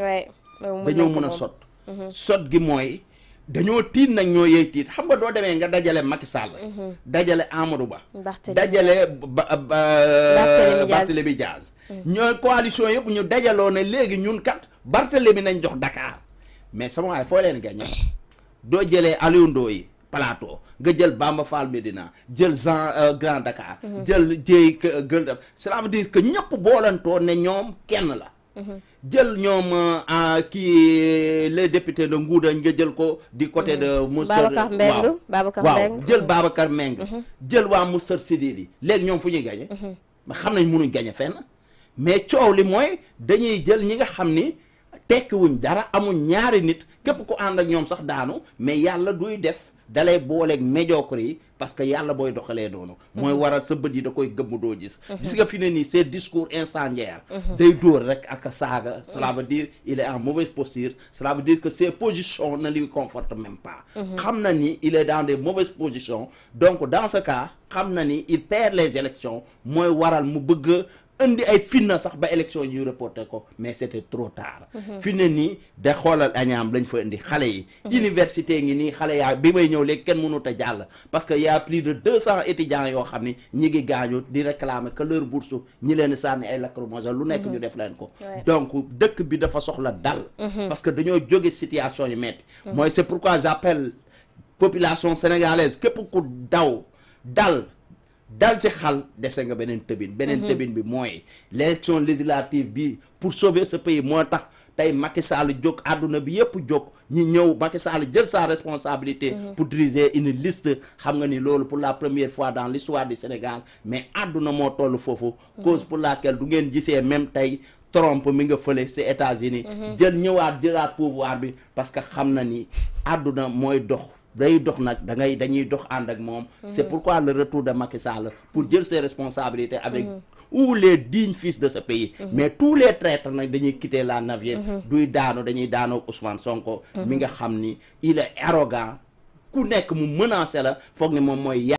waay dañoo mun a sot mhm. sot gi mooy dañoo tiit nag ñoo yey tiit xam nga doo demee nga dajale Macky Sall. Mhm. dajale Amadou Ba. dajale ba Barthélémy Diaz mhm. ñooy coalition yëpp ñu dajaloo ne léegi ñun kat bi nañ jox dakaar mais sama waay foo leen gañe doo jëlee Aliou yi Plateau nga jël Bamba Fall Médina jël Jean euh, Grand jël Dieye euh, Gueule Tapée cela dire que ñëpp boolantoo ne ñoom kenn la. Mhm. jël ñoom ah, ki les députés de Ngouda nga jël ko di côté de mhm. Moustar jël Babacar mhm. jël waa Sididi léegi ñoom fu ñuy ma mënuñ gagné fenn mais li ni dara ñaari nit ak sax daanu mais def dalay les médiocre yi parce que yàlla booy doxalee noonu mooy waral sa bët yi da koy gëmm doo gis gis nga fi ne nii ces discours incendiaire mhm. day dóor rek ak saaga cela veut dire il est en mauvaise posture cela veut dire que ses positions ne lui confortent même pas mhm. xam ni il est dans des mauvaises positions donc dans ce cas xam ni il perd les élections mooy waral mu bëgg indi ay finna sax ba élection ñu reporté ko mais c'était trop tard mhm. fi des nii à xoolal añaam lañ fa indi xalé yi mhm. université ngi ni xalé ya bi may ñew lek ken parce que y a plus de 200 étudiants yo xamni ñi gi gañu di réclamer que leur bourse ñi leen sànni ay lacrymogène lu nekk mhm. ñu def leen ko donc dekk bi dafa soxla dal parce que dañoo joggé situation yu metti moy c'est pourquoi j'appelle population sénégalaise que ku daw dal dal ci xal dese nga benen tëbin benen mhm. bi moy l'élection législative pour sauver ce pays motax tay Sall a aduna bi Sall jël sa responsabilité mhm. pour diriger une liste xam nga pour la première fois dans l'histoire du Sénégal mais aduna mo tollu fofu, mhm. cause pour laquelle du même tay Trump mi nga feulé États-Unis jël ñëwaat jëlaat pouvoir bi parce que xam na ni day dox nak da ngay dañuy dox ànd ak c'est pourquoi le retour de Macky Sall pour jël ses responsabilités avec ou les dignes fils de ce pays mais tous les traîtres nag dañuy quitter la navette duy daano dañuy daano Ousmane Sonko mi nga xamni il est arrogant ku nek mu menacer la foog ni moom mooy